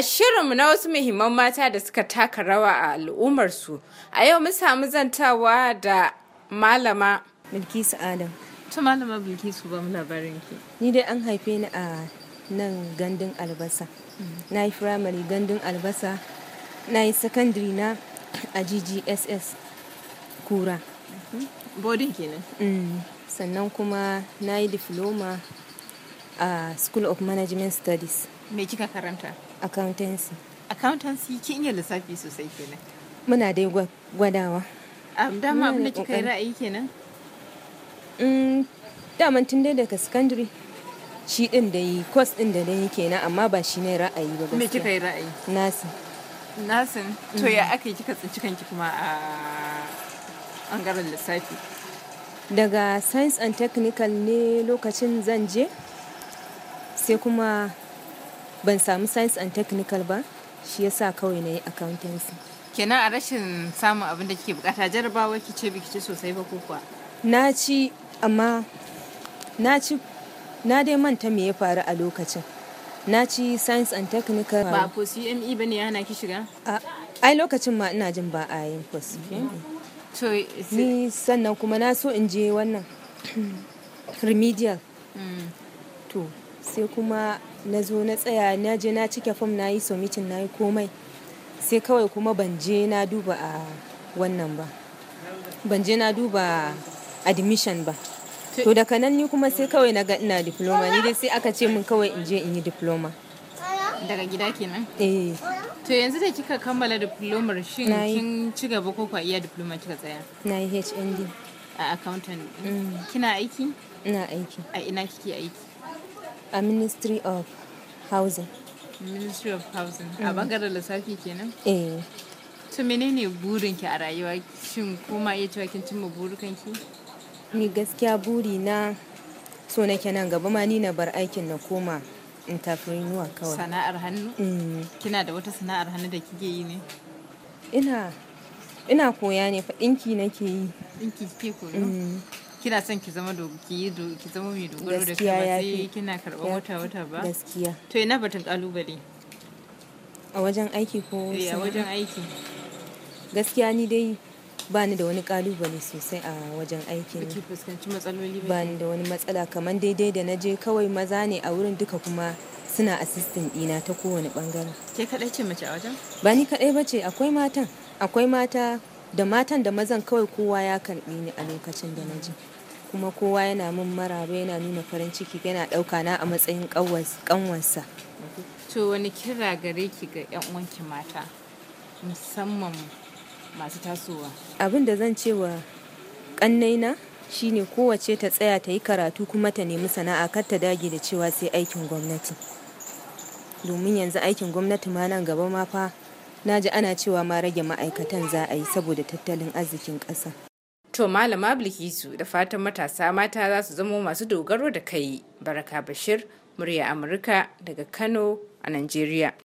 A shirinmu na wasu muhimman mata da suka taka rawa a al'ummarsu, a yau mun samu zantawa da malama Bilkisu Adam. To malama Bilkisu ba mu labarin ki. Ni dai an haife ni a nan gandun albasa. Mm. Na yi firamare gandun albasa, na yi sakandiri na a GGSS kura. Mm-hmm. Boarding kenan. Mm. Sannan kuma na yi diploma a School of Management Studies. Me kika karanta? Accountancy. Accountancy kin iya lissafi sosai kenan. Muna dai gwadawa. dama abin da kika yi ra'ayi kenan? Mm, daman tun dai daga secondary shi din da yi course din da yi kenan amma ba shi ne ra'ayi ba Me kika yi ra'ayi? Nasin. Nasin? To ya mm. aka yi kika tsinci kanki kuma a bangaren lissafi? Daga science and technical ne lokacin zan je sai kuma ban samu science and technical ba shi yasa kawai na yi accountancy kenan a rashin samun abin da kike bukata jarabawa kice biki ce sosai ba ko kuwa na ci amma na ci na dai manta me ya faru a lokacin na ci science and technical ba ko CME bane ya hana ki shiga ai lokacin ma ina jin ba a yin post mhm. to ni sannan kuma na so in je wannan remedial mm. to sai kuma na zo na tsaya na je na cike fom na yi submitting na yi komai sai kawai kuma ban je na duba a wannan ba ban je na duba admission ba to daga nan ni kuma sai kawai na ga ina diploma ni dai sai aka ce min kawai in je in yi diploma daga gida kenan eh to yanzu da kika kammala diplomar shin kin ci gaba ko kwa iya diploma kika tsaya na yi HND a accountant mm. kina aiki ina aiki a ina kike aiki a ministry of housing ministry of housing a mm. bangaren lissafi kenan eh to menene burinki a rayuwa shin kuma iya cewa kin cimma burukanki ni gaskiya buri na so nake nan gaba ma ni na bar aikin na koma entrepreneur kawai sana'ar hannu mm. kina da wata sana'ar hannu da kike yi ne ina ina koya ne fa dinki nake yi dinki kike koyo mm. kina son ki zama ki yi ki zama mai dogaro da kai ba sai kina karɓar wata wata ba gaskiya to ina batun kalubale a wajen aiki ko eh, a wajen aiki gaskiya ni dai ba ni da wani kalubale sosai a wajen matsaloli ba ni da wani matsala kamar daidai da na je kawai maza ne a wurin duka kuma suna asistin dina ta kowane bangare Ke kaɗai ce mace a wajen? Ba ni kaɗai bace akwai matan. Akwai mata da matan da mazan kawai kowa ya karɓi ni a lokacin da na ji kuma kowa yana min maraba yana nuna farin ciki yana ɗauka na a matsayin ƙanwarsa. to wani kira gare ki ga 'yan uwanki mata musamman masu tasowa abin da zan ce wa ƙannaina shine kowace ta tsaya ta yi karatu kuma ta nemi sana'a kar ta dage da cewa sai aikin gwamnati domin yanzu aikin gwamnati ma nan gaba ma fa na ji ana cewa ma rage ma'aikatan za a yi saboda tattalin arzikin ƙasa. To Malama Bilkisu da fatan matasa mata za su zama masu dogaro da kai. Baraka Bashir, murya Amurka daga Kano a Najeriya.